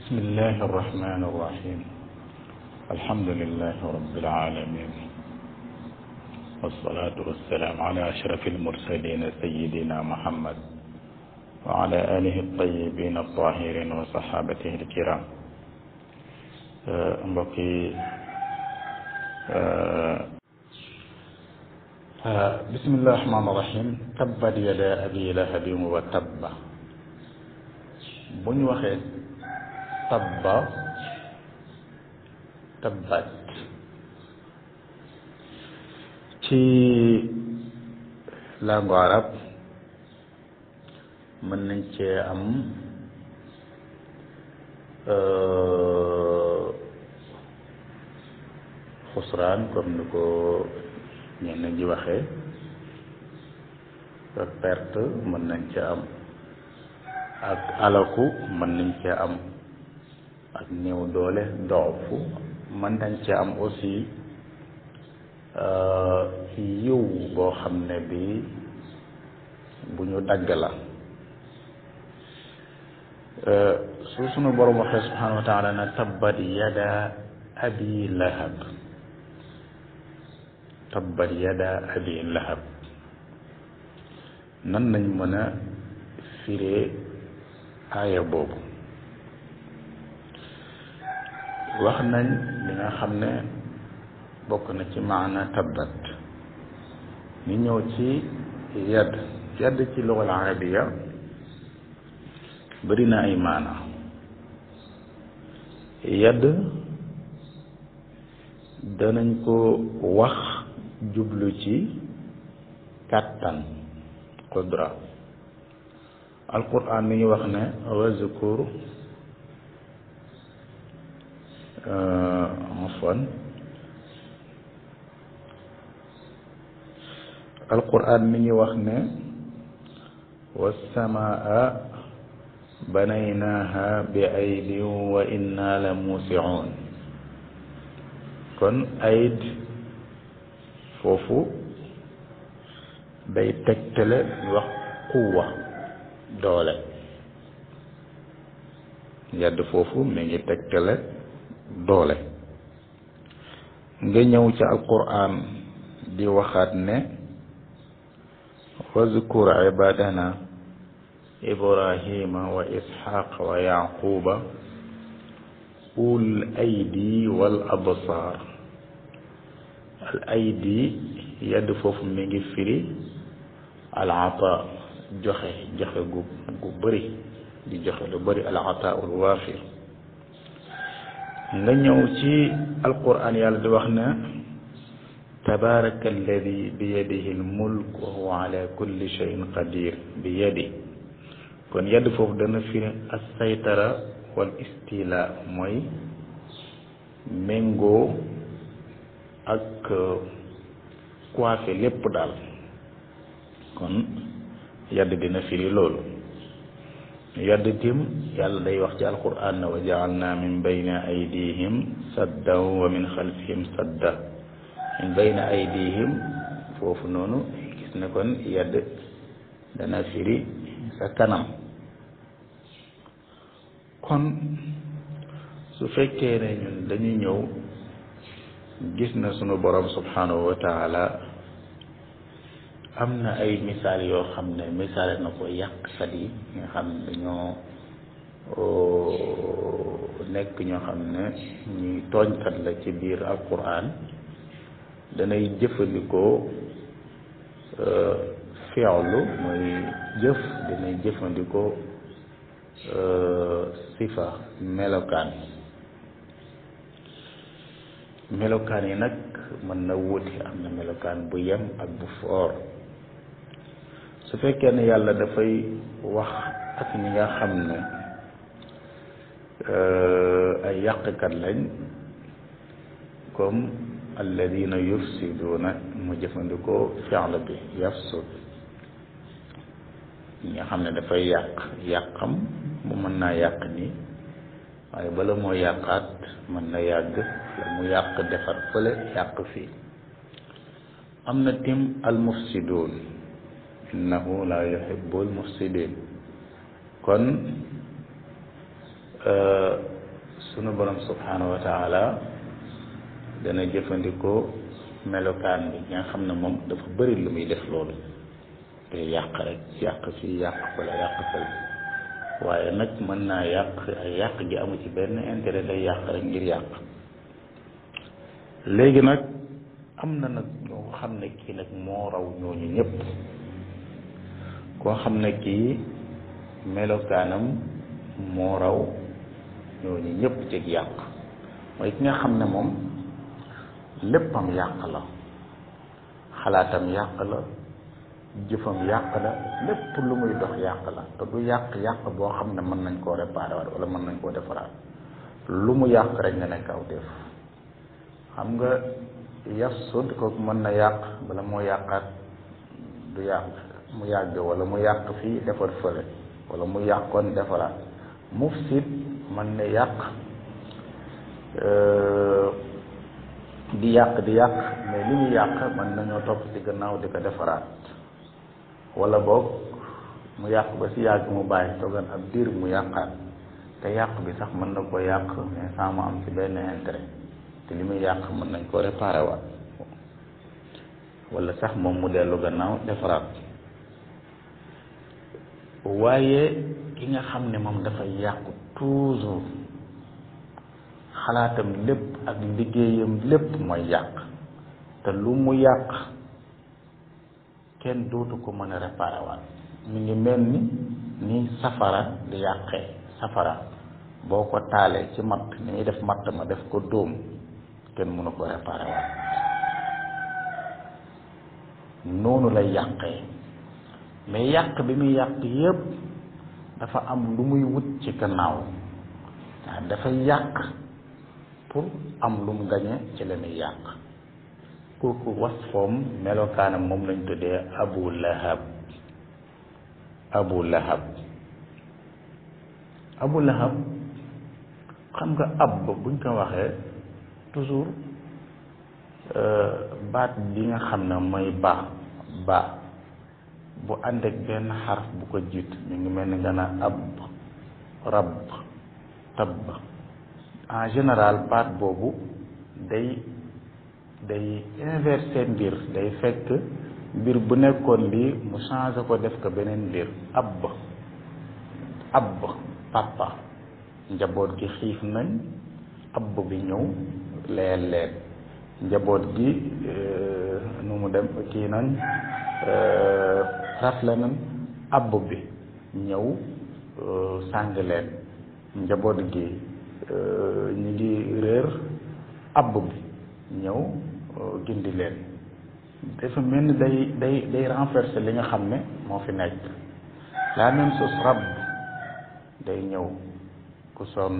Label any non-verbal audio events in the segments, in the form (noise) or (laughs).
بسم الله الرحمن الرحيم الحمد لله رب العالمين والصلاة والسلام على أشرف المرسلين سيدنا محمد وعلى آله الطيبين الطاهرين وصحابته الكرام mbokki bismillahi rahmaani rahiim tabbat yadaa abi lahabin wa tabba bu ñu waxee tabba tabbat ci langue arab mën nañ cee am euh, xusraan comme ni ko nañ ji waxe perte mën nañ ci am ak alaku mën nañ cee am ak néew doole doofu mën nañ ci am aussi euh, yiw boo xam ne bi bu ñu dagg la euh, su sunu borom waxee subhanahu wa na tabbat yada abi lahab tabbat yada abi lahab nan nañ mën a firee aaya boobu wax nañ li xam ne bokk na ci maana tabbat ñu ñëw ci yadd yadd ci lugal arabiya bëri na ay maana yadd danañ ko wax jublu ci kàttan qudra alquran mi ngi wax ne wazkur Euh, afwan alquran mi ngi wax ne wassamaa banaynaaha bi aydin wa inna la muusiun kon ayd foofu day tegtale wax quwa doole yàdd foofu mi ngi tegtale doole nga ñëw ci alquran di waxaat ne wazkur ibadana ibrahima wa isxaq wa yaquba ul aydi wal absaar al aydi yadd foofu mi ngi firi al ataa joxe joxe gu gu bëri di joxe lu bari al ataa ul waafir nga ñëw ci alquran yàlla di wax na tabaraka alladi bi yadihi almulk wa huwa ala kulli cheyin qadir bi yadi kon yadd foofu dana firi as wal istila mooy méngoo ak coiffé lépp daal kon yadd dina firi loolu yoddatim yàlla day wax ci alquran ne wa jaalna min bayna aydihim sadda wa min xalfihim sadda min bayna aydihim foofu noonu gis ne kon yedd dana firi sa kanam kon su fekkee ne dañu ñëw gis na sunu borom subhanahu wa am na ay misaal yoo xam ne misaal na ko yàq sat yi nga xam ne dañoo oh, nekk ñoo xam ne ñuy tooñkat la ci biir alquran danay jëfandikoo euh, fi'lu mooy jëf danay jëfandikoo euh, sifa melokaan melokaan yi nag mën na wuute am na melokaan bu yem ak bu foor su fekkee ne yàlla dafay wax ak ñi nga xam ne euh, ay yàqkat lañ comme alladina yufsiduna mu jëfandikoo fi'l bi yafsud ñi nga xam ne dafay yàq yàqam mu mën naa yàq nii waaye bala moo yàqaat mën na yàgg mu yàq defar fële yàq fii am na tim al mufsidun laa la yuhibbul mufsidin kon euh, sunu borom subhanahu wa dana jëfandikoo melokaan bi nga xam ne moom dafa bëri lu muy def loolu day yàq rek yàq fii yàq fala yàq fala waaye nag mën naa yàq ay yàq gi amu ci benn intérêt day yàq rek ngir yàq léegi nag am na nag ñoo xam ne kii nag moo raw ñooñu ñëpp koo xam ne kii melokaanam moo raw ñooñu ñëpp cig yàq mooy ki nga xam ne moom léppam yàq la xalaatam yàq la jëfam yàq la lépp lu muy dox yàq la te du yàq yàq boo xam ne mën nañ koo réparé waat wala mën nañ koo defaraat lu mu yàq rek nga ne kaw def xam nga yas sud kooku mën na yàq bala moo yàqaat du yàq mu yàgg wala mu yàq fii defar fële wala mu yàqoon defaraat mufsid man ne yàq euh, di yàq di yàq mais li ñu yàq mën nañoo topp ci gannaaw di ko defaraat wala boog mu yàq ba si yàgg mu bàyyi toogan ab diir mu yàqaat te yàq bi sax mën na ko yàq mais sans mu am ci benn intérêt te li muy yàq mën nañ koo réparé waat sax moom mu dellu gannaaw defaraat waaye ki nga xam ne moom dafay yàqu toujours xalaatam lépp ak liggéeyam lépp mooy yàq te lu mu yàq kenn dootu ko mën a réparer mu ngi mel ni ni safara di yàqee safara boo ko taalee ci matt ni def matt ma def ko dóom kenn mënu ko réparer noonu lay yàqee mais yàq bi mu yàq yépp dafa am lu muy wut ci gannaaw waaw dafay yàq pour am lu mu gañe ci la muy yàq kooku wasfoom melokaanam moom lañ tuddee abu lahab abu lahab abu lahab xam nga ab buñ ko waxee toujours euh, baat bi nga xam ne mooy ba ba bu ànd ak benn xar bu ko jiit mu ngi mel ni nga naa ab rab tab en général paat boobu day day inversé mbir day fekk mbir bu nekkoon lii mu changé ko def ko beneen mbir ab ab papa njaboot gi xiif nañ ab bi ñëw leel leen njaboot gi eh, nu mu dem kii nañ eh, rafle nañ abb bi ñëw eh, sàng leen njaboot gi ñu ngi réer abb bi ñëw gindi leen dafa mel ni day day day li nga xam ne moo fi nekk la même chose rab day ñëw ku sonn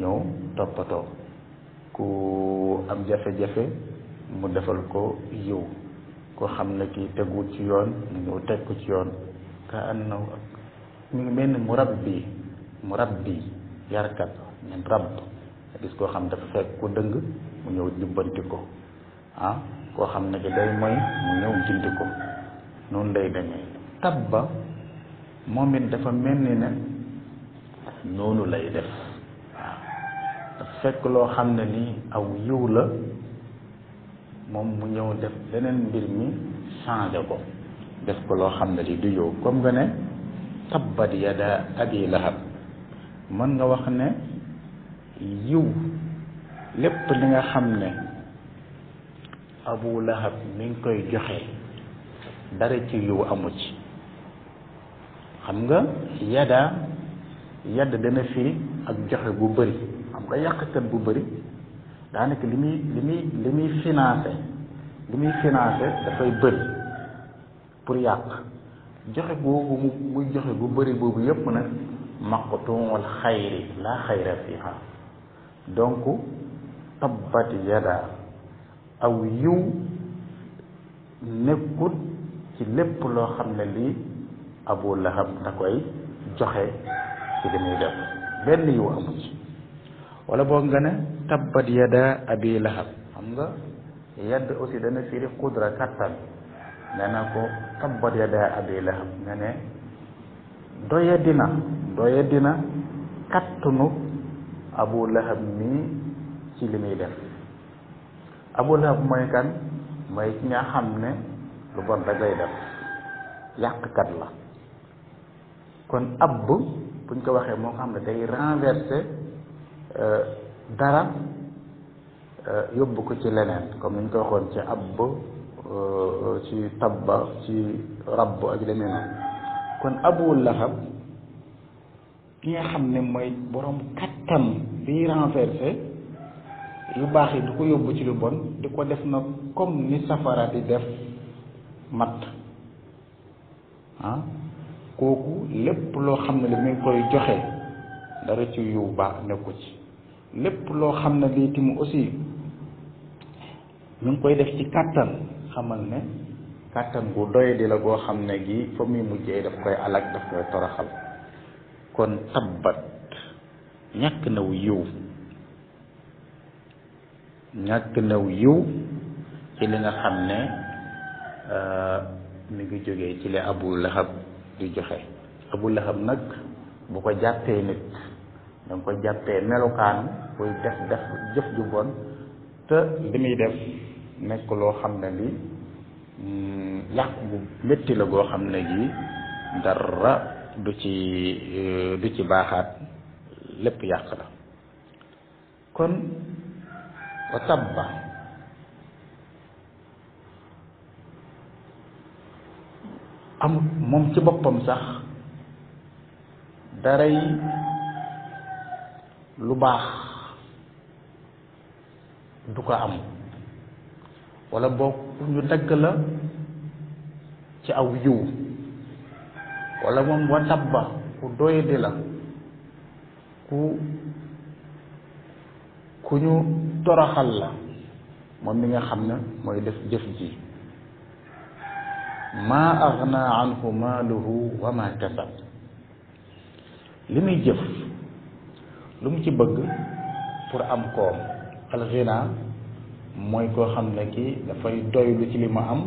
ñëw toppatoo ku am jafe-jafe mu defal ko yiw koo xam ne kii teguwul ci yoon mu ñëw teg ko ci yoon ka annahu mi ngi mel ni murabbi bi yarkat min rabb gis koo xam dafa fekk ku dëng mu ñëw jubbanti ko ah koo xam ne ki day moy mu ñëw jindi ko noonu lay demee tabba ba it dafa mel ni ne noonu lay def dafa fekk loo xam ne ni aw yiw la moom mu ñëw def leneen mbir mi changé ko def ko loo xam ne lii du yow comme nga ne tabbat yada abi lahab mën nga wax ne yiw lépp li nga xam ne abu lahab mi ngi koy joxe dara ci yiw amu ci xam nga yada yadd dana fii ak joxe bu bëri xam nga yàqkat bu bëri daanaka li muy li muy li muy financé li muy financé dafay bëri pour yàq joxe boobu mu muy joxe bu bari boobu yépp nag maqtuul xayri la xayra fiha donc tabbat yada aw yiw nekkut ci lépp loo xam ne lii abu lahab da koy joxe ci li muy def benn yiw amu ci wala boog nga ne tabbat yada abi lahab xam nga yadd aussi dana firi qudra kattan nga ne ko tabbat yada abi lahab nga ne doya dina doya dina kattanu abu lahab mii ci li muy def abu mooy kan mooy ki nga xam ne lu bon rek lay def yàqkat la kon ab buñ ko waxee moo xam ne day renversé Euh, dara euh, yóbbu ko ci leneen comme ni ñu ko waxoon ci abb euh, ci tabba ci rabb ak leneen kon abu lahab ki nga xam ne mooy borom kattan bi renversé yu baax yi du ko yóbbu ci lu bon di ko def na comme ni safara di def matt ah kooku lépp loo xam ne li mu koy joxe dara ci yu baax nekku ci lépp loo xam ne lii timu aussi mi ngi koy def ci kàttan xamal ne kàttan gu doy di la goo xam ne gi fa muy mujjee daf koy alak daf koy toroxal kon tabbat ñàkk naw yiw ñàkk naw yiw ci li nga xam ne euh, mi ngi jógee ci li abu lahab di joxe abu lahab nag bu ko jàppee nit danga ko jàppee melukaan kuy def def jëf ju bon te li muy def nekk loo xam ne li yàq mm, bu métti la goo xam ne gi dara du ci euh, du ci baaxaat lépp yàq la kon wa tabba am moom ci boppam sax daray lu baax du ko am wala boog ñu dagg la ci aw yiw walla moom wa tabba ku doyadi la ku ku ñu toroxal la moom mi nga xam ne mooy def jëf ji maa agna anhu maaluhu wa ma kasab li muy jëf lu mu ci bëgg pour am koom alxina mooy koo xam ne kii dafay doylu ci li ma am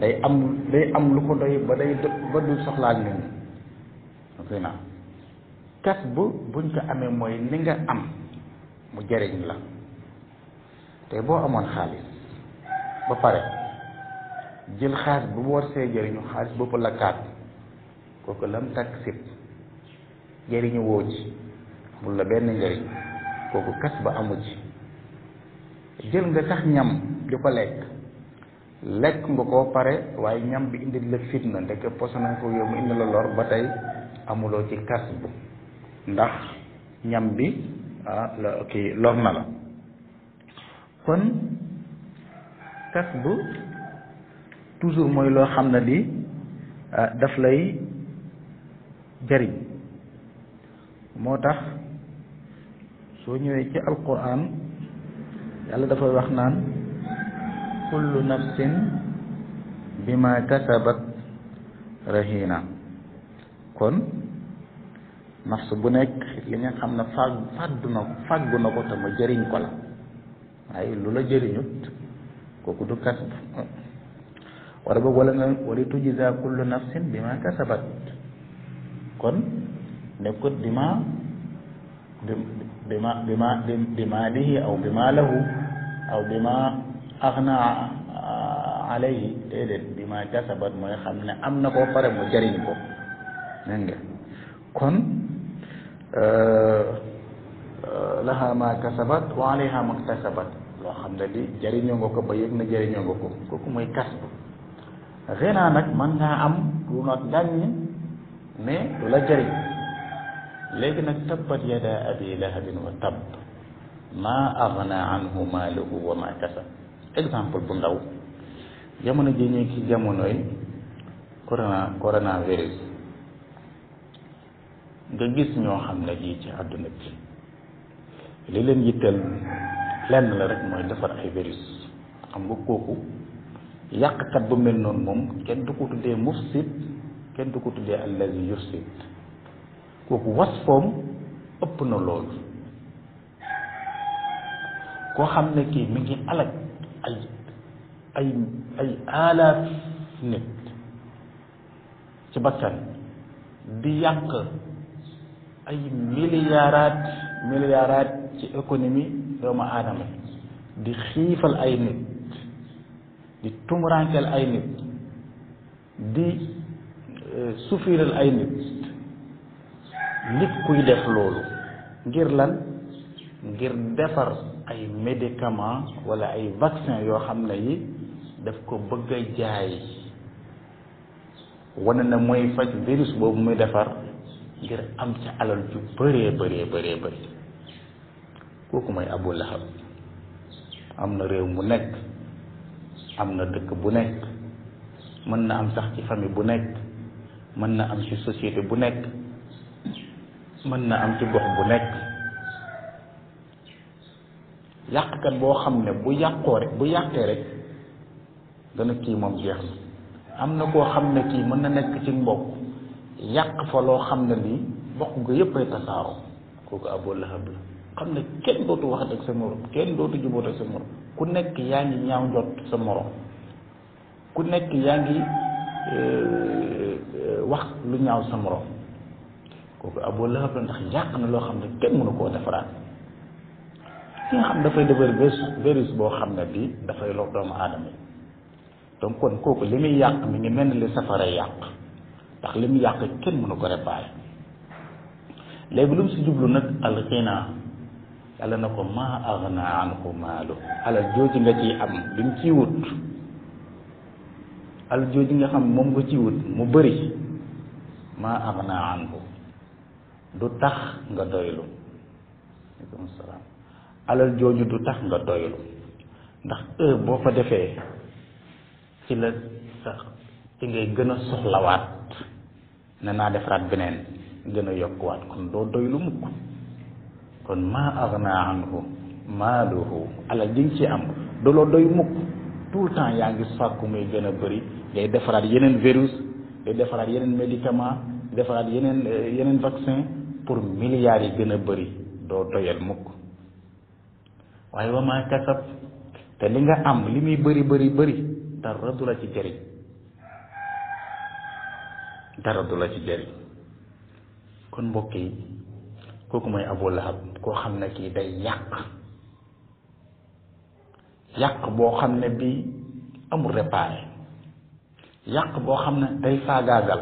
day am day am lu ko doy ba day ba du soxlaak nit ñi alxina kas bu buñ ko amee mooy li nga am mu jëriñ la te boo amoon xaalis ba pare jël xaalis bu war see jëriñu xaalis bopp la kaat kooku lam takk sib jëriñu woo ci bul la benn njëriñ kooku kas ba amul ci jël nga tax ñam di ko lekk lekk nga koo pare waaye ñam bi indi la fitna ndeke poson nga ko yow mu indi la lor ba tey amuloo ci kas bu ndax ñam bi ah la lor na la kon kas bu toujours mooy loo xam ne di ah, daf lay jariñ moo tax soo ñëwee ci alquran yàlla dafay wax naan kullu nafsin bima kasabat rahina kon nafs bu nekk li nga xam ne fàgg fàddu na ko na ko te jëriñ ko la waaye lu la jëriñut kooku du kasab wala boog wala nga wali tujza kullu nafsin bima kasabat kon nekkut bima بما بما بماله او بما له او بما اغنى عليه déedéet bima kasabat mooy xam ne am na koo pare mu jëriñ ko dégg nga kon euh, euh, laha ma kasabat wa alayha ma kasabat loo xam ne li jëriñoo nga ko ba yëg na jëriñoo nga ko kooku mooy kasb xëy naa nag mën ngaa am lu not gàññ mais du la jëriñ léegi nag tabbat yada abi lahabin wa tabb ma agna anhu maaluhu wa ma kasab exemple bu ndaw jamono ji ñu ci jamonoy corona coronavirus nga gis ñoo xam ne ji ci àdduna bi li leen yitteel lenn la rek mooy defar ay virus xam nga kooku yàqkat bu mel noonu moom kenn du ko tuddee mufsid kenn du ko tuddee allazi yufsid kooku wasfoom ëpp na loolu koo xam ne kii mi ngi alag ay ay ay alaaf nit ci bakkan di yàq ay milliardaat milliardaat ci économie doomu aadama di xiifal ay nit di tumurankeel ay nit di euh, sufiiral ay nit nit kuy def loolu ngir lan ngir defar ay médicament wala ay vaccin yoo xam ne yi daf ko bëgg jaay wane na mooy faj virus boobu muy defar ngir am ci alal ju bëree bëree bëree bëri kooku mooy Abu Lahab am na réew mu nekk am na dëkk bu nekk mën na am sax ci famille bu nekk mën na am ci société bu nekk mën na am ci gox bu nekk yàqkat boo xam ne bu yàqoo rek bu yàqee rek dana kii moom geex na am na koo xam ne kii mën na nekk ci mbokk yàq fa loo xam ne lii mbokk ko yépp ay tasaaroo kooku Abu Lahab la xam ne kenn dootu wax ak sa morom kenn dootu juboot ak sa morom ku nekk yaa ngi ñaaw jot sa moroom ku nekk yaa ngi euh, euh, wax lu ñaaw sa moroom kooku Abu Lahab la ndax yàq na loo xam ne kenn mënu koo defaraat ki nga xam dafay defar virus virus boo xam ne bii dafay lor doomu aadama yi donc kon kooku li muy yàq mu ngi mel ni li safara yàq ndax li mu yàq kenn mënu ko réparé léegi lu mu si jublu nag alxinaa yàlla na ko maa agna anhu maalu alal jooju nga ciy am bi mu ciy wut alal jooju nga xam moom nga ciy wut mu bëri maa agna anhu du tax nga doylu aleykum alal jooju du tax nga doylu ndax heure boo ko defee ci la sax ci ngay gën a soxlawaat ne naa defaraat beneen gën a yokkuwaat kon doo doylu mukk kon maa agna ma maaluhu alal ji nga ci am du loo doy mukk tout le temps yaa ngi sàkku muy gën a bëri ngay defaraat yeneen virus day defaraat yeneen médicament defaraat yeneen eh, yeneen vaccin pour milliards yi gën a bari doo doyal mukk waaye wa maa kasab te li nga am li muy bëri bëri bëri dara du la ci jëriñ dara du la ci jëriñ kon mbokk yi kooku mooy Abu Lahab koo xam ne kii day yàq yàq boo xam ne bii amul réparé yàq boo xam ne day faagaagal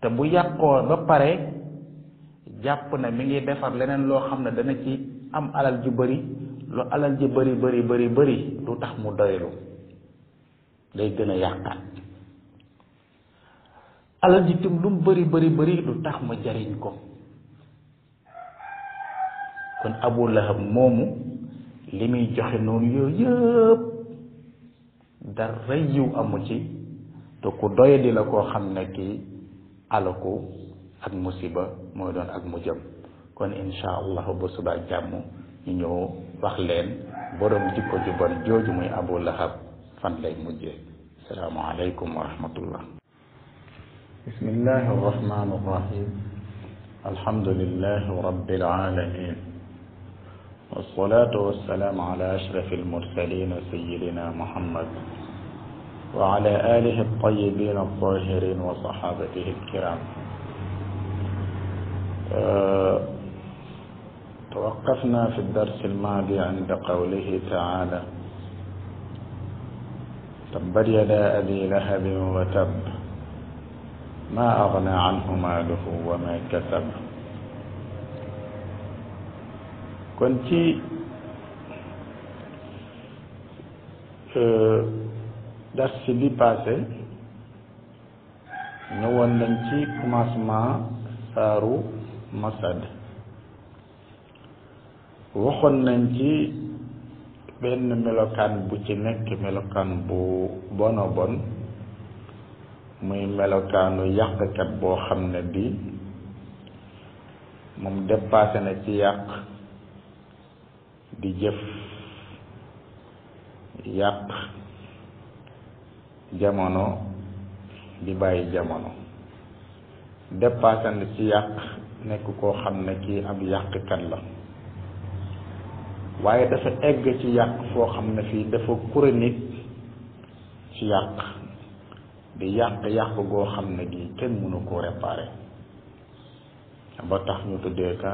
te bu yàqoo ba pare jàpp na mi ngi defar leneen loo xam ne dana ci am alal ju bari lu alal ji bari bari bari bari du tax mu doylu day gën a yàqaat alal ji tim lu mu bari bari bari lu tax ma jariñ ko kon Abu Lahab moomu li muy joxe noonu yooyu yëpp dara yiw amu ci te ku di la koo xam ne kii alaku ak musiba mooy ak mujjam kon insha allahu ba subaa jàmm ñu ñëw wax leen borom jikko ju abu lahab fan lay mujjee asalaamaaleykum wa bismillahi arrahmani arrahim alhamdulillahi rabbil alamin والصلاة والسلام على أشرف المرسلين سيدنا محمد وعلى آله الطيبين توقفنا في الدرس الماضي عند قوله تعالى تبت يدا أبي لهب وتب ما أغنى عنه ماله وما كسب كنت درس bi passé ñëwoon nañ ci commencement saaru Mossad waxoon nañ ci benn melokaan bu ci nekk melokaan bu bono muy melokaanu yàqkat boo xam ne bi moom dépassé na ci yàq di jëf yàq jamono di bàyyi jamono dépassé na ci yàq nekk koo xam ne kii ab yàqkat la waaye dafa egg ci yàq foo xam ne fii dafa kure nit ci yàq di yàq yàq goo xam ne gii kenn mënu ko réparé ba tax ñu tuddee ka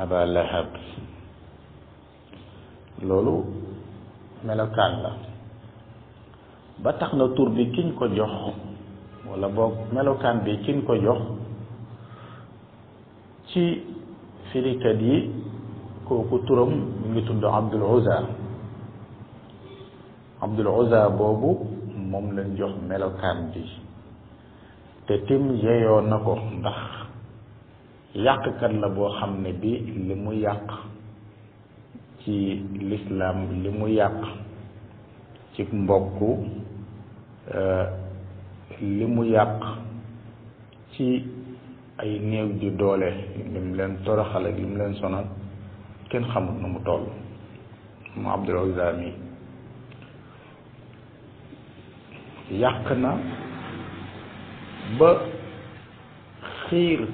aba lahab loolu melokaan la ba tax na tur bi kiñ ko jox walla boog melokaan bi kiñ ko jox ci firikat yi kooku turam mu ngi tudd Abdul Uzza Abdul Uzza boobu moom lañ jox melokaan bi te tim yeyoo na ko ndax yàqkat la boo xam ne bi li mu yàq ci lislaam li mu yàq ci mbokku euh, li mu yàq ci ay néew di doole lim leen toroxal ak lim leen sonal kenn xamut na mu toll mu Abdul Uzza mi yàq na ba xiir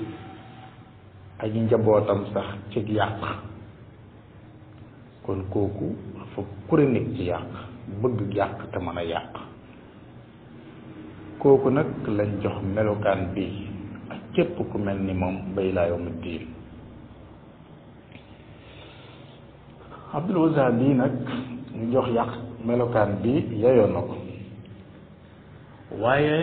ak njabootam sax ci yàq kon kooku dafa chronique ci yàq bëgg yàq te mën a yàq kooku nag lañ jox melokaan bi képp ku mel ni moom ba ilaa yawmi diin Abdul Wazza bii nag ñu jox yàq melokaan bi yeyoon na ko waaye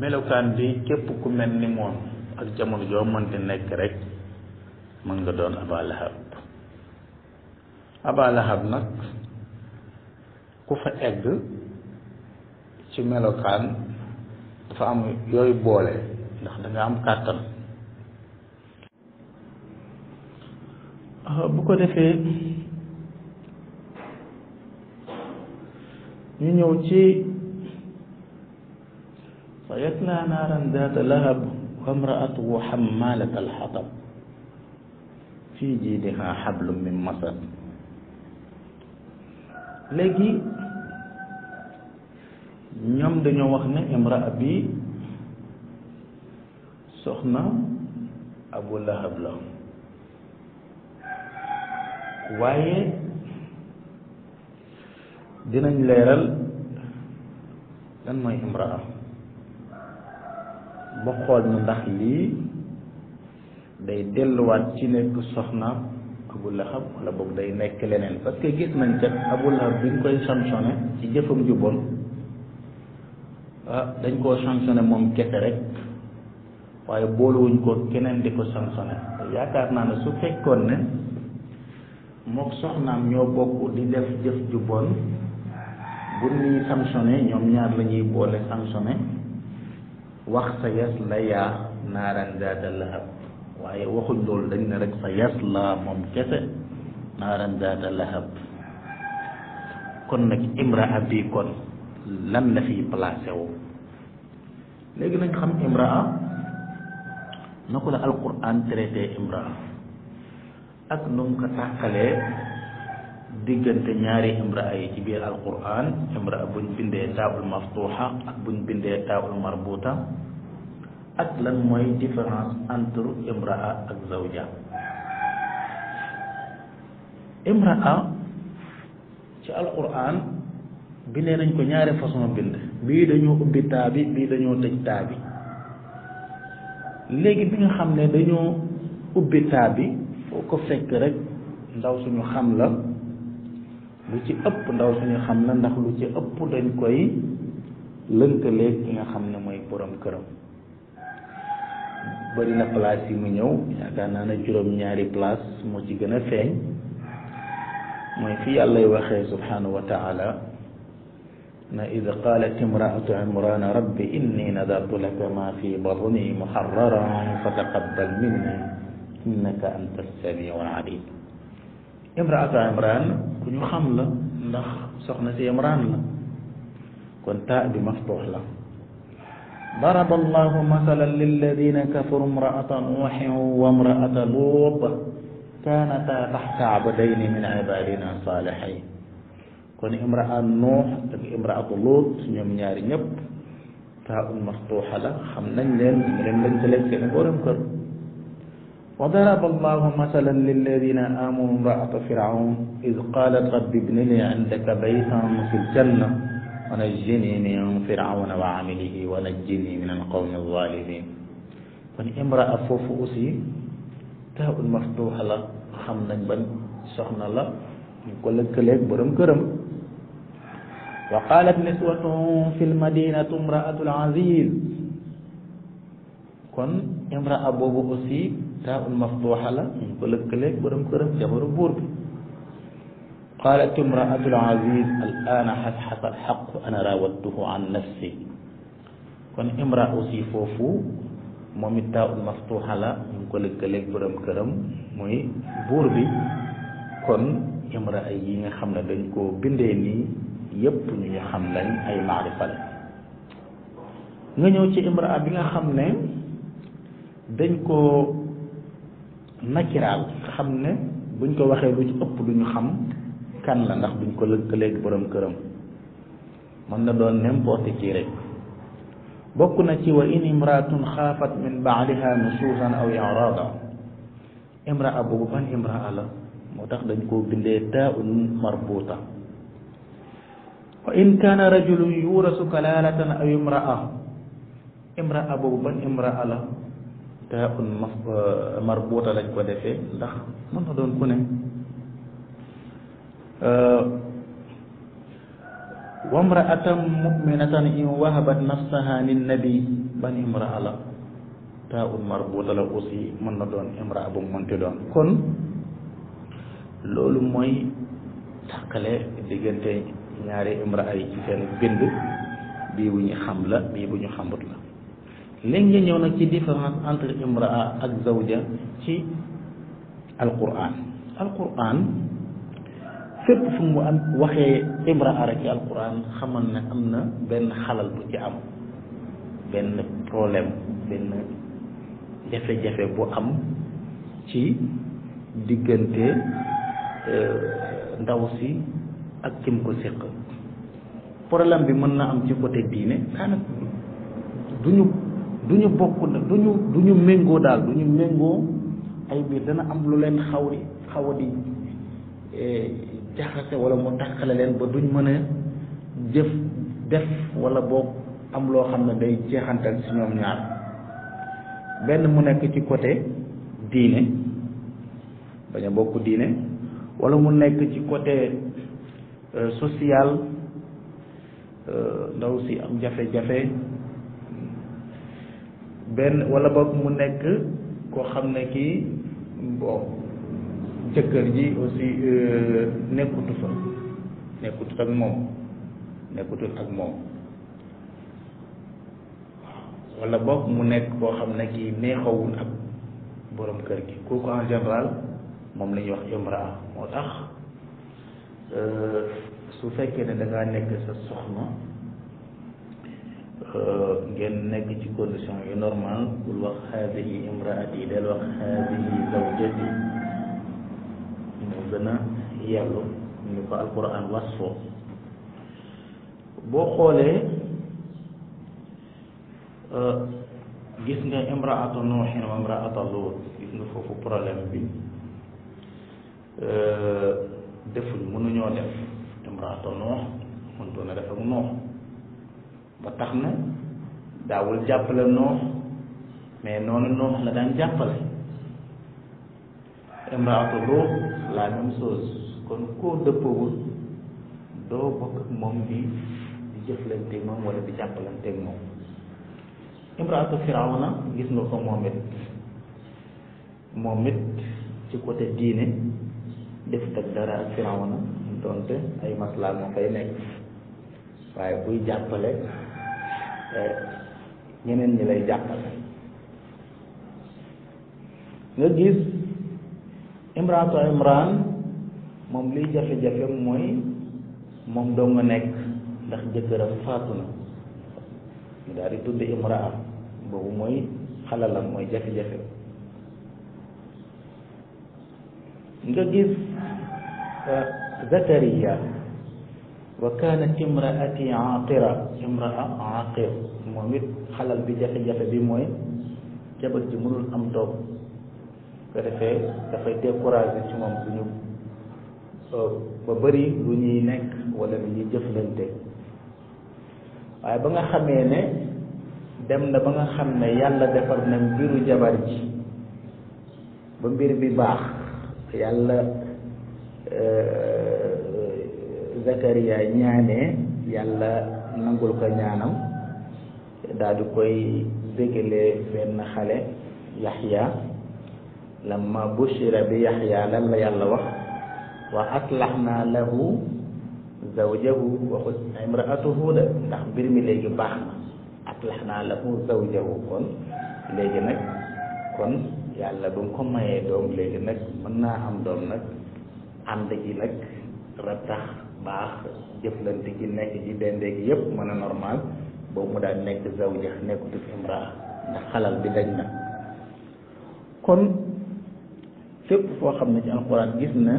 melokaan bi képp ku mel ni moom ak jamono joo mënti nekk rek mën nga doon Aba Lahab nag ku fa egg ci melokaan dafa am yooy boole ndax da am kàttan ah, bu ko defee ñu ñëw ci sa yatlaa naaran daata lahab wa imraatuhu xammalat alxatab fii jiidiha xablum min masad léegi ñoom dañoo wax ne imraa bi soxna abu lahab la waaye dinañ leeral lan mooy imraa ba xool ni ndax lii day delluwaat ci nekk soxnaam abu lahab wala boog day nekk leneen parce que gis nañ kat abu lahab bi ñu koy sanctionné ci jëfam ju bon ah dañ koo sanctionné moom kese rek waaye boolewuñ ko keneen di ko sanctionné yaakaar naa na su fekkoon ne mook soxnaam ñoo bokk di def jëf ju bon bu ñuy sanctionné ñoom ñaar la boole sanctionné wax sa yas la yaa naaran zaata lahab waaye waxuñ loolu dañ ne rek sa yas la moom kese naaran zaata lahab kon nag imraa bi kon lan la fiy placé léegi nañ xam imraa na ko la alquran traité imraa ak nu mu ko tàkkalee diggante ñaari imraa yi ci biir alquran imraa buñ bindee taabul maftuha ak buñ bindee taabul marbuta ak lan mooy différence entre imraa ak zawja imraa ci alquran bindee nañ ko ñaari façon bind bii dañoo ubbi taabi bii dañoo tëj taabi léegi bi nga xam ne dañoo ubbi taa bi foo ko fekk rek ndaw suñu xam la lu ci ëpp ndaw suñu xam la ndax lu ci ëpp dañ koy lënkaleeg ki nga xam ne mooy borom këram bari na place yi mu ñëw yaakaar naa ne juróom-ñaari place moo ci gën a feeñ mooy fi yàlla waxee subhanahu wa na id qalat imraatu imrana rabbi inni nadartu laka ma fi batni muharraran fa taqabbal minni innaka anta samiu alim imraatu imran ku ñu xam la ndax soxna si imran la kon taa bi maftuux la daraba allahu masalan lilladina kafaru imraata nuuxin wa imraata luut kaanataa taxta abdayni min ibadina saalihayn kon imraa nuux ak imraatu luut ñoom ñaari ñëpp taa un maftuuxa la xam nañ leen mu leen lañ tëleeg seen borom kër wa daraba allahu masalan lilladina amanu imraata firaun id qalat rabbi ibni li indaka baytan fi ljanna wa najjini min firauna wa amilihi wa najjini min alqawmi alzalimin kon imraa foofu aussi taa un maftuuxa la xam nañ ban soxna la ñu ko lëkkaleeg borom këram wa qalat niswatun fi lmadinatu imraatu alaziz kon imraa boobu aussi taaul maftuuxa la ñu ko lëkkaleeg borom këram jabaru buur bi qalat imraatu alaziz alana xasxasa alxaqu ana rawadtuhu an nafsi kon imra aussi foofu moom it taaul maftuuxa la ñu ko lëkkaleeg borom këram muy buur bi kon imra ay yi nga xam ne dañ koo bindee nii yépp ñu xam lañ ay maarifa la nga ñëw ci imra bi nga xam ne dañ koo nakiraal nga xam ne buñ ko waxee lu ci ëpp duñu xam kan la ndax buñ ko lëkkaleeg boroom këram mën na doon n'importe qui rek bokk na ci wa in imraatun xaafat min baaliha nusuusan aw irada imraa boobu ban imraa la moo tax dañ koo bindee taaun marbuta wa in kaana rajulun yuurasu kalaalatan aw imra'a imra'a boobu ban imra'a la taaun euh, marbuta lañ ko defee ndax mën na doon ku ne euh, wa imra'atan mu'minatan in wahabat nafsaha linnabi ban imra'a la taaun marbuta la aussi mën na doon imra'a bu mu doon kon loolu mooy tàqale diggante ñaari imra yi ci seen bind bii bu ñu xam la bii bu ñu xamut la léegi nga ñëw nag ci différence entre imraa ak zawja ci alquran alquran fépp fu mu am waxee imraa rek ci alquran xamal ne am na benn xalal bu ci am benn problème benn jafe-jafe bu am ci diggante ndaw si ak kim ko séq problème bi mën naa am ci côté diine daanaka du ñu du ñu bokk du ñu méngoo daal du ñu méngoo ay biir dana am lu leen xaw di xaw di e, jaxase wala mu tàqale leen ba duñ mën a jëf def walla boog am loo xam ne day jeexantal ci ñoom ñaar benn mu nekk ci côté diine bañ a bokk diine wala mu nekk ci côté euh, social euh, ndaw si am jafe-jafe benn wala boog mu nekk koo xam ne kii bon jëkkër ji aussi euh, nekkutu fa nekkutut ak moom nekkutut ak moom wala boog mu nekk koo xam ne kii neexawul ak boroom kër gi kooku en général moom la ñuy wax imraa moo tax euh, su fekkee ne da ngaa nekk sa soxna euh, ngeen nekk ci condition yu normal bul wax haadihi imraati del wax haadihi zawjati moo gën a yellu ñu ko alquran wasfoo boo xoolee euh, gis nga imraata nooxin wa imraata luut gis nga foofu problème bi Euh, defuñ mënuñoo def imraato noox mënutoon a def ak noox ba tax na daawul jàppale noox mais noonu noox la daan jàppale imraato loo la même chose kon koo dëppawul doo bokk ak moom di di jëflante moom wala di jàppalante ak moom imraato firawna gis nga ko moom it moom it ci côté diine def tag dara ak firawna donte ay maslaa moo fay nekk waaye buy jàppale eh, ñeneen ñi lay jàppale nga gis imraatu imran moom liy jafe-jafe mooy moom doo nga nekk ndax jëkkëram faatu na ñu daal di tudd imraa boobu mooy xalalam mooy jafe-jafe nga gis uh, Zakariya wa kaanat imraati aaqira imraa aaqir moom it xalal bi jafe-jafe bi mooy jabar ji mënul am doom ko defee dafay découragé ci moom bu ñu uh, ba bëri lu ñuy nekk wala lu ñuy jëflante waaye ba nga xamee ne dem na ba nga xam ne yàlla defar na mbiru jabar ji ba mbir bi baax yàlla euh, Zakaria ñaanee yàlla nangul ko ñaanam daal di koy bégalee benn xale Yaxya lamma bushira bi Yaxya lan la yàlla wax wa aslaxna lahu zawjahu wa xusna imraatuhu la ndax mbir mi léegi baax na aslaxna lahu zawjahu kon léegi nag kon yàlla ba mu ko mayee doom léegi nag mën naa am doom nag ànd gi nag ratax baax jëflante gi nekk ji dendee gi yépp mën a normal boobu mu daal nekk zawja nekkutut imraa ndax xalal bi dañ na kon fépp foo xam ne ci alxuraan gis na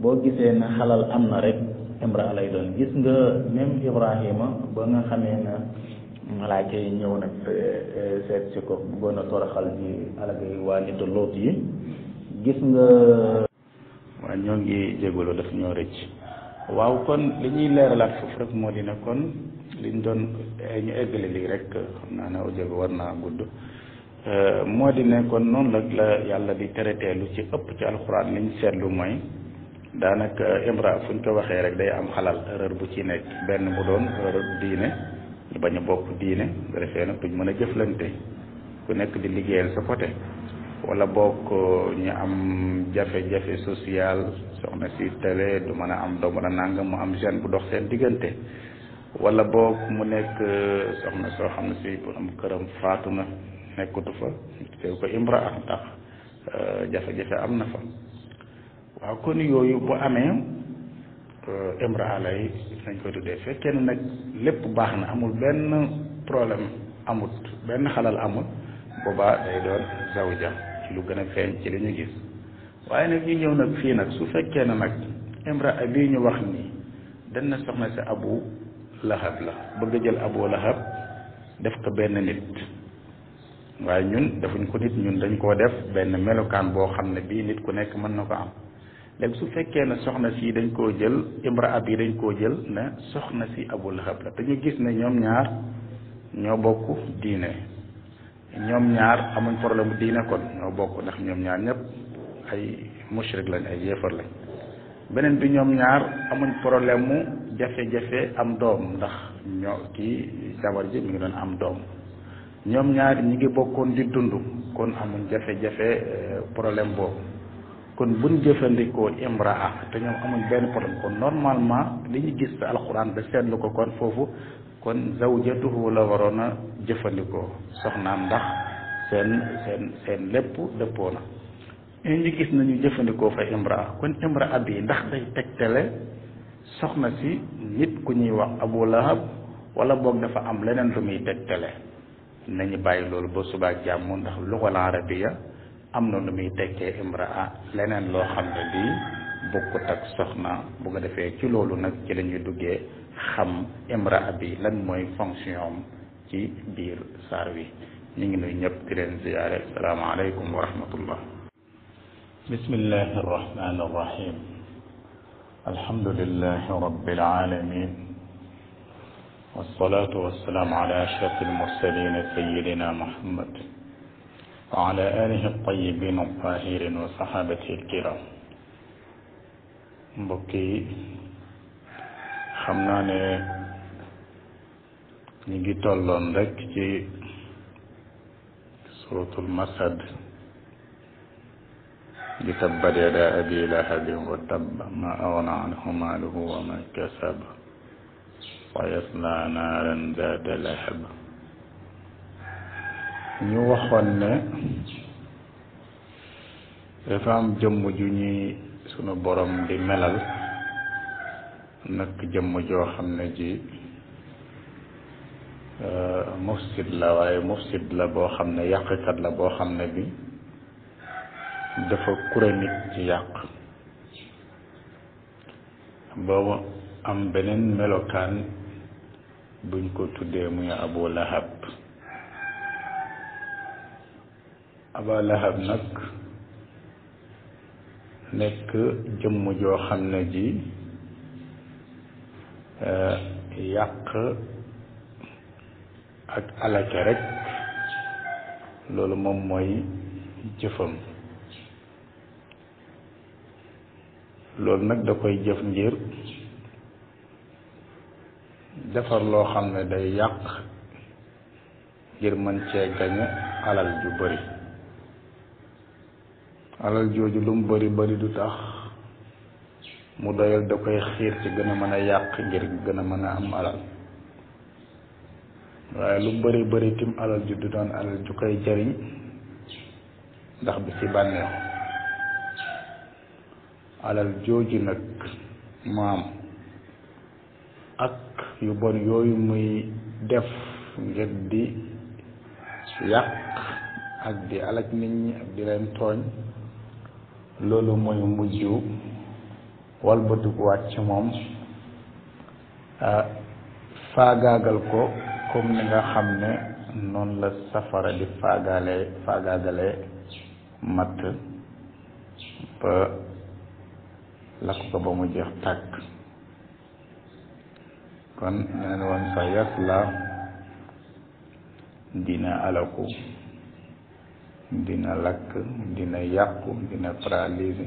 boo gisee na xalal am na rek imraa lay doon gis nga même Ibrahima ba nga xamee na malaaka yi ñëw nag eh, eh, seet ci ko bëggoon a toroxal ji alaga yi waa nitu loot yi gis nga waaw ñoo ngi jégalu daf ñoo rëcc waaw kon li ñuy leeralaat foofu rek moo di ne kon liñ doon eh, ñu eggale lii rek xam naa ne audio di ne kon noonu la la yàlla di traité lu ci ëpp ci alxuraan liñ seetlu mooy daanaka imra fu ñu ko waxee rek day am xalal erreur bu ci nekk benn mu doon erreur diine ñu bañ a bokk diine nga defee nag mën a jëflante ku nekk di liggéeyal sa côté wala bokk ñu am jafe-jafe social soxna si télé du mën a am doomu a nanga mu am gêne bu dox seen diggante wala boog mu nekk soxna soo xam ne si bu am këram faatu na nekkatu fa teew ko imraa ndax euh, jafe-jafe am na fa waaw kon yooyu bu amee Euh, imra alay nañ koy tuddee fekkee ne nag lépp baax na amul benn problème amut benn xalal amul boobaa day doon zawja lu gën a feeñ ci li ñu gis waaye nag ñu ñëw nag fii nag su fekkee na nag imra bii ñu wax nii dañ na soxna si abu lahab la bëgg jël abu lahab def ko benn nit waaye ñun defuñ ko nit ñun dañ koo def benn melokaan boo xam ne bii nit ku nekk mën na ko am léegi su fekkee ne soxna si dañ koo jël imraa yi dañ koo jël ne soxna si abu lahab la te ñu gis ne ñoom ñaar ñoo bokk diine ñoom ñaar amuñ problème bu diine bokk ndax ñoom ñaar ñëpp ay mushrik lañ ay yéefar lañ beneen bi ñoom ñaar amuñ problème mu jafe-jafe am doom ndax ño kii jabar ji mu ngi doon am doom ñoom ñaar ñi ngi bokkoon di dund kon amuñ jafe-jafe euh, problème boobu kon buñ jëfandikoo imraa te ñoom amuñ benn problème kon normalement li ñu gis sa alxuraan ba seetlu ko kon foofu kon zawjatuhu la waroon a jëfandikoo soxnaam ndax seen seen seen lépp dëppoo na gis nañu jëfandikoo fa imraa kon imraa yi ndax day tegtale soxna si nit ku ñuy wax abu lahab wala boog dafa am leneen lu muy tegtale nañu bàyyi loolu ba subaak jàmm ndax luxal arabiya am na lu muy tekkee imraa leneen loo xam ne lii bokkut soxna bu ko defee ci loolu nag ci la ñuy duggee xam imraa bi lan mooy fonction ci biir saar wi ñu ngi nuy ñëpp di leen ziyaare asalaamaaleykum wa rahmatullah bismillahi arrahmani arrahim alhamdulilahi rabbil alamin wassalatu wassalaam ala ashraf almursalin sayidina muhammad wa ala alihi altayibiin altahirin wa sahabati alkiram mbokk yi xam naa ne ñu ngi tolloon rek ci suratul masad di tabbat yadaa abi lahabin wa tabb ma agna anhu maaluhu wa ma kasab wa yasla naaran zaata lahab ñu waxoon ne dafa am jëmm ju ñuy sunu boroom di melal nag jëmm joo xam ne ji euh, mufsid la waaye mufsid la boo xam ne yàqkat la boo xam ne bi dafa kure nit ci yàq boobu am beneen melokaan buñ ko tuddee muy abu lahab aba nag nekk jëmm joo xam ne ji eh, yàq ak alake rek loolu moom mooy jëfam loolu nag da koy jëf ngir defar loo xam ne day yàq ngir mën cee gañe alal ju bari alal jooju lu mu bari bari du tax mu doyal da koy xiir ci gën a mën a yàq ngir gën a mën a am alal waaye lu bari bari tim alal ju du doon alal ju koy jariñ ndax bi ci bànneexu alal jooju nag maam ak yu bon yooyu muy def ngir di yàq ak di alak nit ñi di leen tooñ loolu mooy mujj walbatikuwaat ci moom faagaagal ko comme ni nga xam ne noonu la safara di faagaale faagaagale matt ba lakk ko ba mu jeex tàkk kon nee woon sa yasla dina alaku dina lakk dina yàqu dina paralysé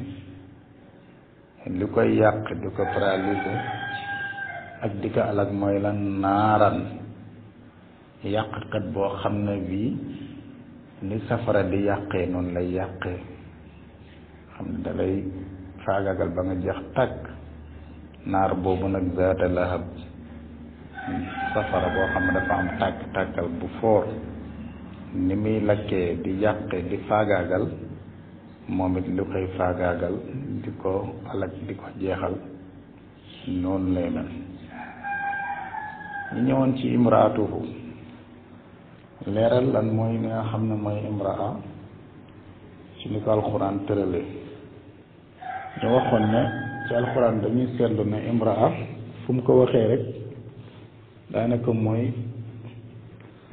li koy yàq di ko ak di ko alak mooy lan naaran yàqkat boo xam ne bii ni safara di yàqee noonu lay yàqee xam ne dalay faagagal ba nga jeex tàkk naar boobu nag zaata lahab safara boo xam ne dafa am tàkk tàkkal bu foor ni muy lakkee di yàqe di faagaagal moom it li koy faagaagal di ko alak di ko jeexal noonu lay mel ñu ñëwoon ci imraatuhu leeral lan mooy nga xam ne mooy imraa ci ni ko alxuraan tërale ñu waxoon ne ci alxuraan dañuy seetlu na imraa fu mu ko waxee rek daanaka mooy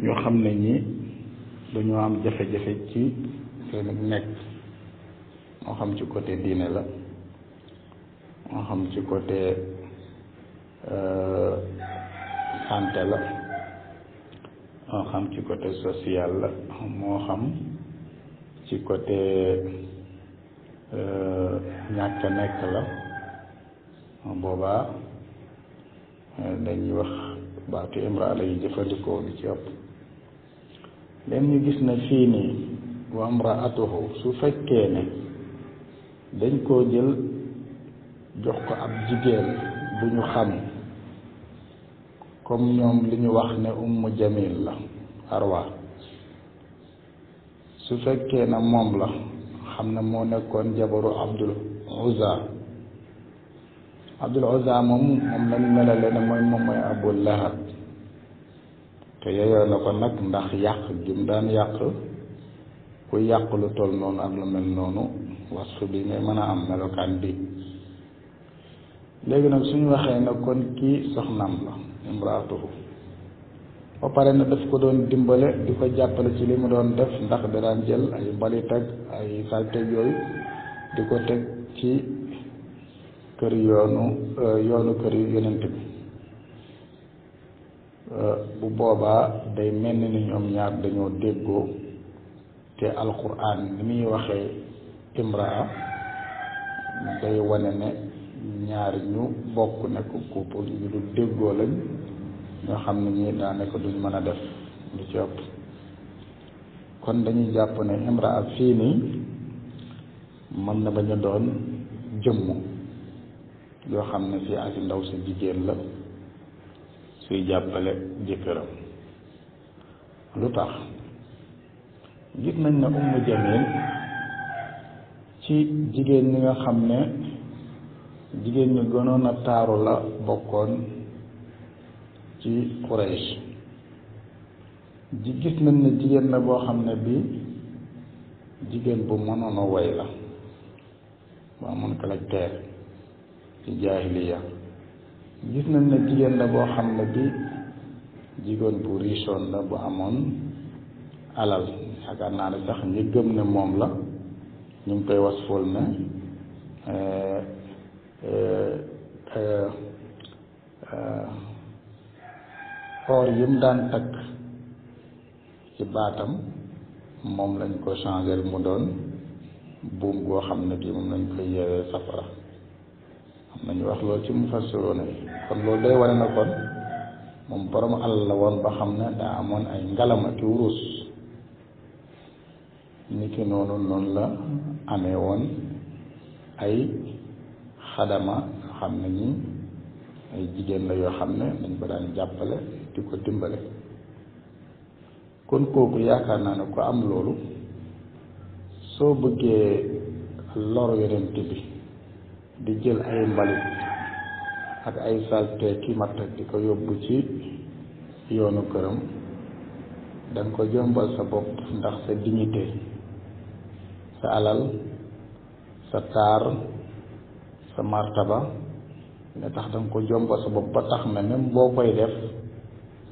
ñu xam ne ñi dañoo am jafe-jafe ci seenu nekk moo xam ci côté diine la moo xam ci côté euh, ante la moo xam ci côté social la moo xam ci côté euh, ñàkk nekk la boobaa euh, dañuy wax baatu imra la yi jëfandikoo bi ci ëpp léegi ñu gis na fii nii wa amraatuhu su fekkee ne dañ koo jël jox ko ab jigéen bu ñu xam comme ñoom li ñu wax ne ummu jamil la arwa su fekkee na moom la xam ne moo nekkoon jabaru abdul uzza abdul uzza moom moom lañ melale ne mooy moom mooy abu lahab te yeyoo na ko nag ndax yàq jum daan yàq ku yàq lu toll noonu ak lu mel noonu wasfu bi ngay mën a am melokaan bi léegi nag suñu waxee ne kon kii soxnaam la imraatuhu ba pare na daf ko doon dimbale di ko jàppale ci li mu doon def ndax da daan jël ay mbalit ak ay salteg yooyu di ko teg ci kër yoonu yoonu kër yu yonent Euh, bu boobaa day mel ni ñoom ñaar dañoo déggoo te alquran ni muy waxee imraa day wane ne ñaari ñu bokk nekk couple ñu du déggoo lañ ñoo xam ne ñii daanaka duñ mën a def lu ci ëpp kon dañuy jàpp ne imraa fii nii mën na bañ doon jëmm yoo xam ne si ndaw si jigéen la suy jàppale jëkkëram lu tax gis nañ ne ummu jamil ci jigéen ñi nga xam ne jigéen ñi gënoon a taaru la bokkoon ci Quraysh ji gis nañ ne jigéen la boo xam ne bi jigéen bu mënoon a woy la bu amoon caractère ci jaahiliya gis nañ ne jigéen la boo xam ne bi jigéen bu riisoon la bu amoon alal yaakaar naa ne sax ñi gëm ne moom la ñu ngi koy wasful ne eh, eh, eh, or yim daan takk ci baatam moom lañ ko changer mu doon buum goo xam ne bii moom lañ koy yeewee safara am nañu wax loolu ci mufassiroon yi kon loolu day wane na kon moom borom àll la woon ba xam ne daa amoon ay ngalama ki wurus ni ki noonu noonu la amee woon ay xadama xam ne ñi ay jigéen la yoo xam ne dañ ko daan jàppale di ko dimbale kon kooku yaakaar naa ne ku am loolu soo bëggee lor yonent bi di jël ay mbalit ak ay salte ki matt di ko yóbbu ci yoonu këram danga ko jombal sa bopp ndax sa dignité sa alal sa taar sa ba nga tax danga ko jombal sa bopp ba tax na même boo koy def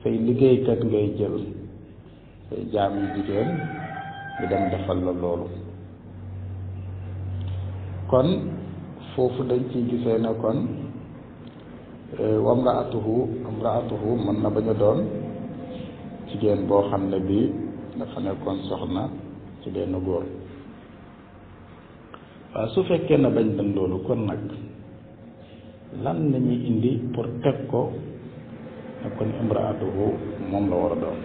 say liggéeykat ngay jël say jaam yu jigéen ñu dem defal la loolu kon foofu dañ ciy gisee ne kon euh, wam ra atuhu am atuhu mën na bañ doon jigéen boo xam ne bii dafa nekkoon soxna ci benn góor waaw su fekkee ne bañ dañ loolu kon nag lan la ñuy indi pour teg ko ne kon imraatuhu moom la war a doon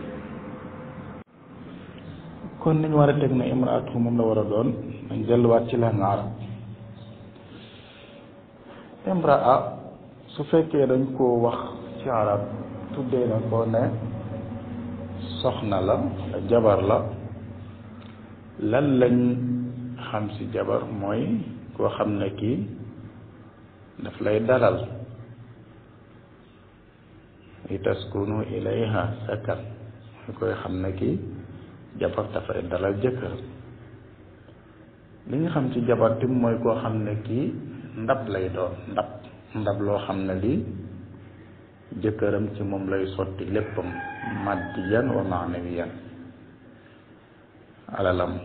kon nañ war a teg ne imraatuhu moom la war a doon nañ delluwaat ci lan arab imraa ah, su fekkee dañ koo wax ci arab tuddee na ko ne soxna la jabar la lan lañ xam ci jabar mooy koo xam ne kii daf lay dalal li taskunu ilayha sakan ñu koy xam ne kii jabar dafay dalal jëkkër li xam ci jabar tim mooy koo xam ne kii ndab lay doon ndab ndab loo xam ne lii jëkkëram ci moom lay sotti léppam maddiyan wa maanawiyan alalam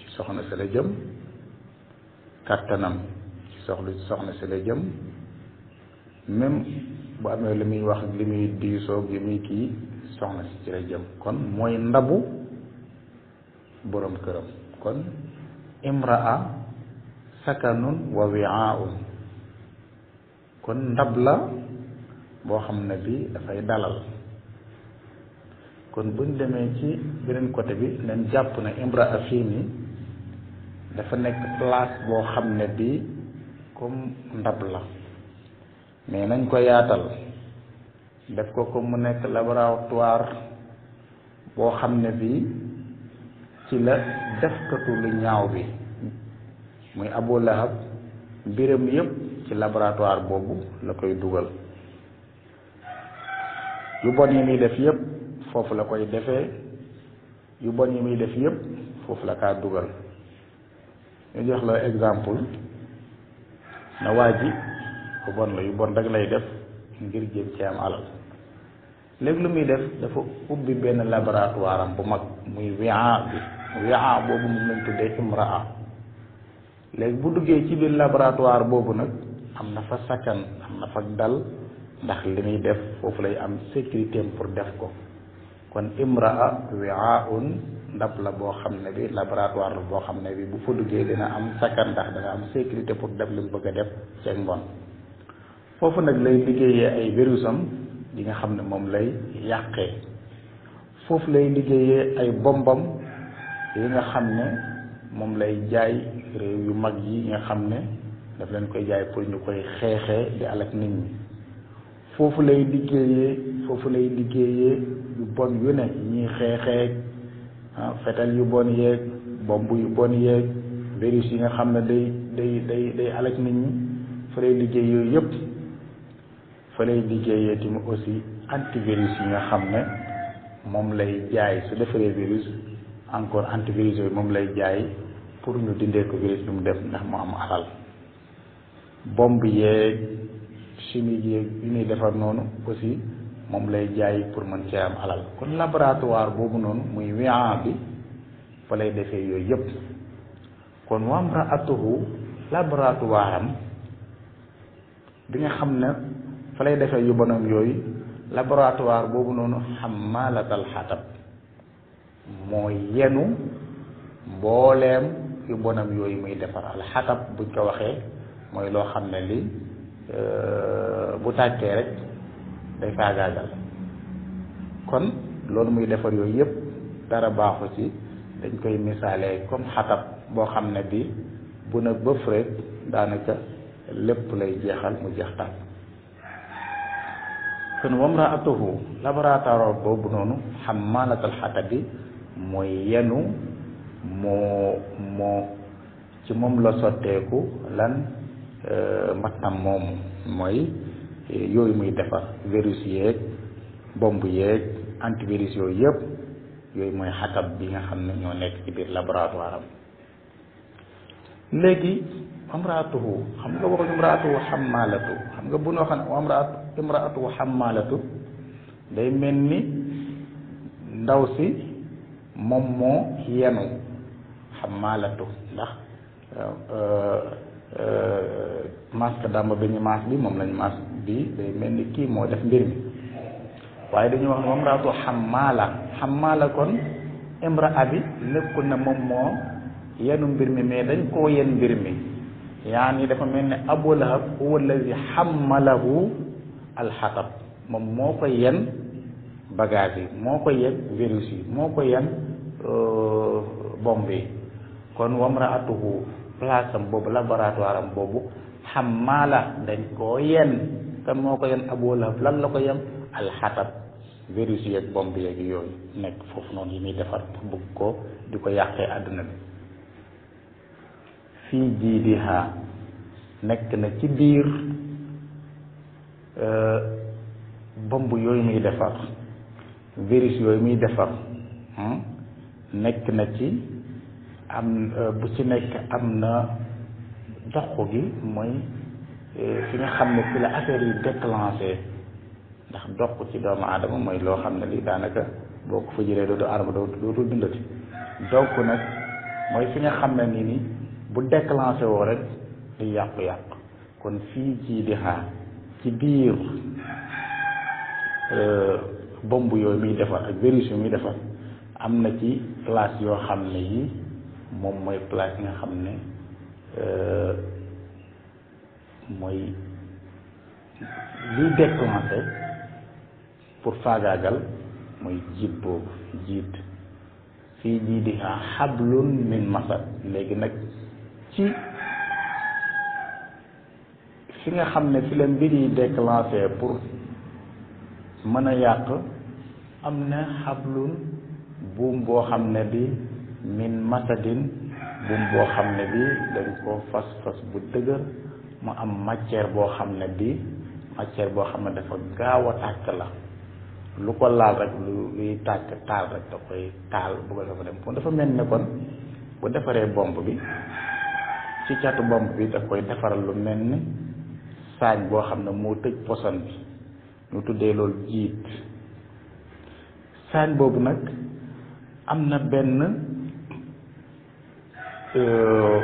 ci soxna si la jëm kàttanam ci soxlu soxna si la jëm même bu amee li muy wax li muy diisoog li muy kii soxna si ci la jëm kon mooy ndabu boroom këram kon imraa sakanun wa wi'aun kon ndab la boo xam ne bi dafay dalal kon buñ demee ci beneen côté bi leen jàpp na imraa fii nii dafa nekk place boo xam ne bi comme ndab la mais nañ ko yaatal def ko ko mu nekk laboratoire boo xam ne bi ci la defkatu lu ñaaw bi muy Abu Lahab mbiram yépp ci laboratoire boobu la koy dugal yu bon yi muy def yépp foofu la koy defee yu bon yi muy def yépp foofu la kaa dugal ñu jox la exemple na waa ji ku bon la yu bon rek lay def ngir jéem ci am alal léegi lu muy def dafa ubbi benn laboratoire bu mag muy wi'a bi wi'a boobu mu lañ tuddee imraa léegi bu duggee ci biir laboratoire boobu nag am na fa sakkan am na fa dal ndax li muy def foofu lay am sécurité pour def ko kon imraa wiaun ndab la boo xam ne bi laboratoire la boo xam ne bi bu fa duggee dina am sakkan ndax dana am sécurité pour def li mu bëgg a def ceeg mbon foofu nag lay liggéeyee ay virusam yi nga xam ne moom lay yàqee foofu lay liggéeyee ay bombam yi nga xam ne moom lay jaay réew yu mag yi nga xam ne daf leen koy jaay pour ñu koy xeexee di alak nit ñi foofu lay liggéeyee foofu lay liggéeyee yu bon yu ne ñuy xeexeeg ah fetal yu bon yéeg bomb yu bon yeeg virus yi nga xam ne day day day day alak nit ñi fa lay liggéey yooyu yëpp fa lay liggéeyee tamit aussi antivirus yi nga xam ne moom lay jaay su defaree virus encore antivirus yi moom lay jaay pour ñu dindee ko virus bi mu def ndax mu am alal bomb yeeg chimie yeeg yu ñuy defar noonu aussi moom lay jaay pour mën cee am alal kon laboratoire boobu noonu muy wian bi fa lay defee yooyu yëpp kon wamraatuhu laboratoire am bi nga xam ne fa lay defee yu bonam yooyu laboratoire boobu noonu xammaalatal xatab moo yenu mbooleem yu bonam yooyu muy defar alxatab buñ ko waxee mooy loo xam ne li euh, bu tàkkee rek day faagaagal kon loolu muy defar yooyu yëpp dara baaxu ci dañ koy misaalee comme xatab boo xam ne bi bu nag ba fret daanaka lépp lay jeexal mu jeex tàkk kon wamraatuhu laboratoire boobu noonu xammaalatal xatab bi mooy yenu moo moo ci moom la sotteeku lan euh, mattam moomu mooy euh, yooyu muy defar virus yeeg bomb yeeg antivirus yooyu yëpp yooyu mooy xatab bi nga xam ne ñoo nekk ci biir laboratoire am léegi amraatuhu xam nga waxuñ imraatuhu xammaalatu xam nga bu noo xam amraatu imraatuhu xammaalatu day mel ni ndaw si moom moo yenu xamaalatu ndax euh, euh, masque dàmb bi ñu bi moom lañ maas bi day mel ni kii moo def mbir mi waaye dañu wax ne moom raatu xamaala xamaala kon imraa bi nekkul na moom moo yenu mbir mi mais dañ koo yen mbir mi yaani dafa mel ni abu lahab xamalahu alxatab moom moo ko yen bagage yi moo ko yen virus yi moo ko yen euh, bomb yi kon wamraatuhu place am boobu laboratoire am boobu xam la dañ koo yenn te moo ko yenn Abu Lahab lan la ko yem alxatab virus yeeg bomb yeeg nekk foofu noonu yi muy defar pour ko di ko yàqee àdduna bi fii jiidiha nekk na ci biir euh, bomb yooyu muy defar virus yooyu muy defar hmm? nekk na ci am euh, bu ci nekk am na dox gi mooy euh, fi nga xam ne fi la affaire yi déclenché ndax dox ci doomu aadama mooy loo xam ne lii daanaka boo ko fa jëlee dootu arab dootu dundati donc nag mooy fi nga xam ne ni ni bu déclenché woo rek di yàq yàq kon fii ci di xaar ci biir euh, bomb yooyu muy defar ak virus yu muy defar am na ci place yoo xam ne yi moom mooy place nga xam ne euh, mooy liy déclenché pour faagaagal mooy jiit boobu jiit fii jiidihaa hablun min masad léegi nag ci fi nga xam ne fi bi di yi pour mën a yàq am na hablun buum boo xam ne bi min masadin buum boo xam ne bi dañ ko fas fas bu dëgër mu am matière boo xam ne bi matière boo xam ne dafa gaaw a tàkk la lu ko laal rek luy tàkk taal rek da koy taal bu ko dafa dem kon dafa mel ne kon bu defaree bomb bi ci catu bomb bi da koy defaral lu mel ni saañ boo xam ne moo tëj poson bi ñu tuddee loolu jiit saañ boobu nag am na benn Euh,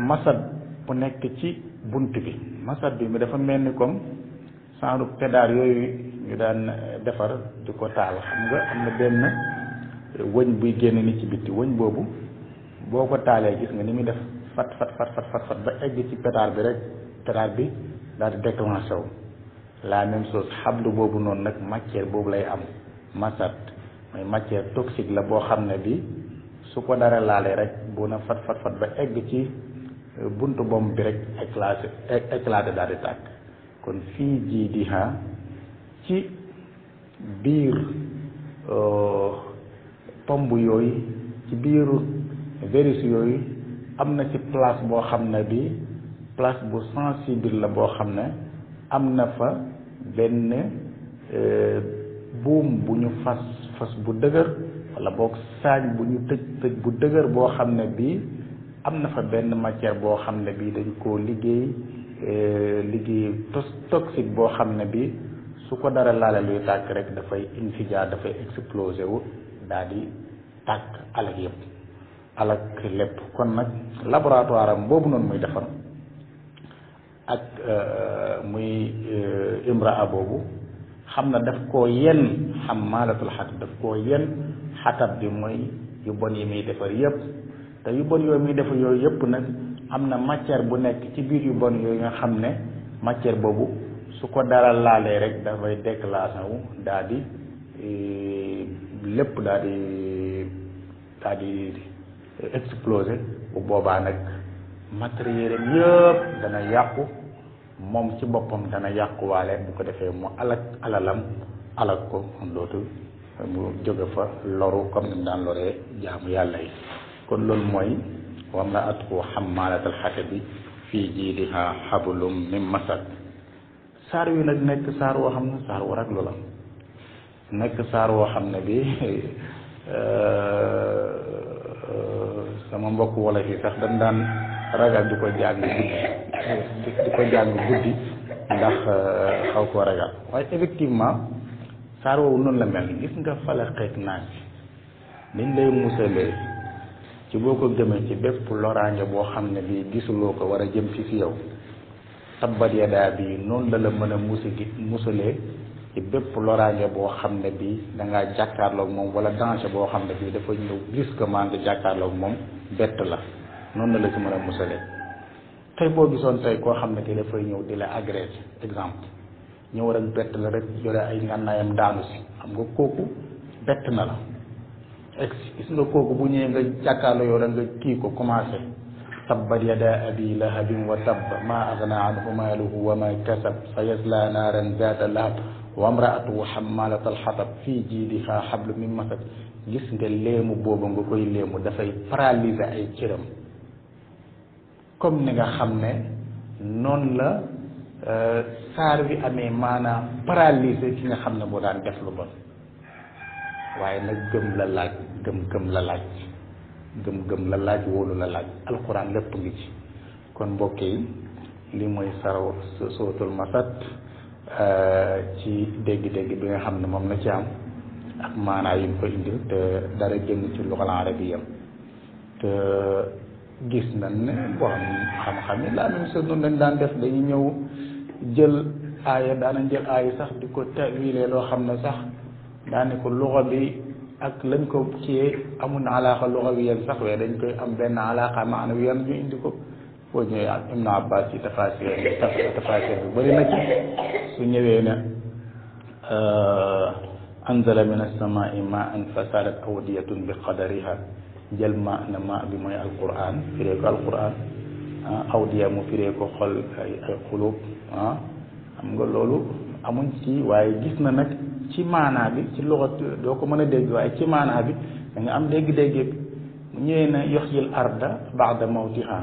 masad bu nekk ci bunt bi masad bi mi dafa mel ni comme saaru pédar yooyu ñu daan euh, defar di ko taal xam nga am na benn euh, wëñ buy génn ni ci bitti wëñ boobu boo ko taalee gis nga ni muy def fat fat fat fat fat ba egg ci pédar bi rek pédar bi daal di déclenché wu la même chose xablu boobu noonu nag matière boobu lay am masad mooy matière toxique la boo xam ne bi su ko dara laalee rek bu na fat fat fat ba egg ci euh, buntu bomb bi rek éclaté éclaté daal di tàkk kon fii jii di ha ci biir euh, tomb yooyu ci biiru virus yooyu am na ci place boo xam ne bi place bu sensible la boo xam ne am na fa benn euh, buum bu ñu fas fas bu dëgër wala boog saañ bu ñu tëj tëj bu dëgër boo xam ne bii am na fa benn matière boo xam ne bii dañ koo liggéey euh, liggéey toxique boo xam ne bii su ko dara laale luy tàkk rek dafay infidia dafay explosé wu daal di tàkk alak yëpp alak lépp kon nag laboratoire am boobu noonu muy defar ak euh, muy euh, imraa boobu xam na daf koo yenn xam maalatul xat daf koo yenn xatab bi mooy yu bon yi muy defar yépp te yu bon yooyu muy defar yooyu yépp nag am na matière bu nekk ci biir yu bon yooyu nga xam ne matière boobu su ko dara laalee rek dafay laa wu daa di e, lépp daa di daa di explosé bu boobaa nag matériel yépp dana yàqu moom ci boppam dana yàquwaale bu ko defee mu alak alalam alak ko dootul mu jóge fa loru comme ni mu daan loree jaamu yàlla yi kon loolu mooy wam na atku xammaalatal bi fii jii jiidiha xablum min masad saar wi nag nekk saar woo xam ne saar wu raglu la woo xam ne bi euh, sama mbokk wala fii sax dañ daan ragal di ko jàng guddi di ko jàng guddi ndax euh, xaw koo ragal waaye effectivement saar woowu noonu la mel gis nga falaqeeg naas niñ lay musalee ci boo ko gëmee ci bépp loraange boo xam ne bii gisuloo ko war a jëm ci yow tabbat yadaa bi noonu la la mën a musi gi musalee bépp loraange boo xam ne bii dangaa jàkkaarloog moom wala danger boo xam ne bii dafa ñëw brusquement nga jàkkaarloog moom bett la noonu la la ci mën a musalee tey boo gisoon tey koo xam ne ki dafay ñëw di la agresser exemple ñëw rek bett la rek yore ay ngànnaayam daanu si xam nga kooku bett na la ex gis nga kooku bu ñëwee nga jàkkaarloo yow rek nga kii ko commencé tabbat yada abi lahabin wa tabb ma agna anhu maaluhu wa ma kasab sa yasla naaran zaata lahab wa amraatuhu xammalat alxatab fii jiidiha xablu min masad gis nga léemu boobu nga koy léemu dafay paralyser ay cëram comme ni nga xam ne noonu la saar bi amee maanaam paralysé ki nga xam ne moo daan def lu bon waaye nag gëm la laaj gëm gëm la laaj gëm gëm la laaj wóolu la laaj alxuraan lépp ngi ci kon mbokk yi li mooy saraw sootul masat eh, ci dégg-dégg bi nga xam ne moom na ci am ak maanaa yu mu ko indil te dara génn ci luxal arabiyam te gis nañ ne boo xam xam-xam yi laa même chose noonu lañ daan def dañu ñëw jël aaya daanañ jël aaya sax di ko tawilee loo xam ne sax daane ko luxa bi ak lañ ko kiyee amul alaaxa luxa bi yéen sax waaye dañ koy am benn alaaxa maana bi yan ñu indi ko boo ñëwee ak Ibnu Abbas ci tafasir na ci su ñëwee ne anzala min as-samaai maan fasalat awdiyatun bi qadariha jël ma na ma bi mooy alquran firee ko alquran awdiya ah, mu firee ko xol ay xulub ah. xam nga loolu amuñ ci waaye gis na nag ci maanaa bi ci loxo doo ko mën a dégg waaye ci maanaa bi da nga am dégg-dégg bi mu ñëwee na yuxyil arda baada mawtiha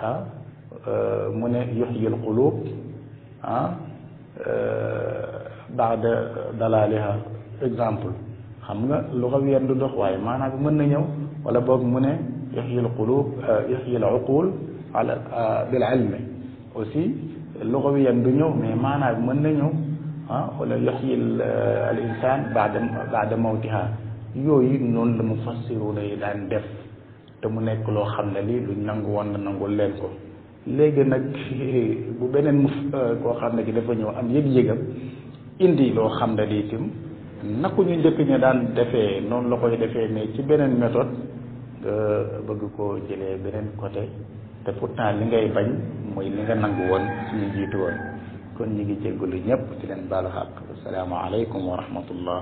ah. euh, ne yuxyil xulub ah euh, baada dalaaliha xam nga loxo ween du dox waaye maanaa bi mën na ñëw wala boog mu ne yuxyil xulub euh, yuxyil uqul ala bil ilmi aussi loxo lugawiyan du ñëw mais maanaa mën na ñëw ah wala yuxyi al insan baada baada mawtiha yooyu noonu la mu fassiruna yi daan def te mu nekk loo xam ne lii lu nangu woon na nangul leen ko léegi nag (laughs) bu beneen mu euh, koo xam ne ki dafa ñëw am yëg-yëgam indi loo xam ne lii tim naku ñu njëkk ñu daan defee noonu la koy defee mais ci beneen méthode nga euh, bëgg ko jëlee beneen côté te pourtant li ngay bañ mooy li nga nangu woon ñu jiitu woon kon ñu ngi jéggalu ñëpp ci leen baalu xaq asalaamaaleykum wa rahmatullah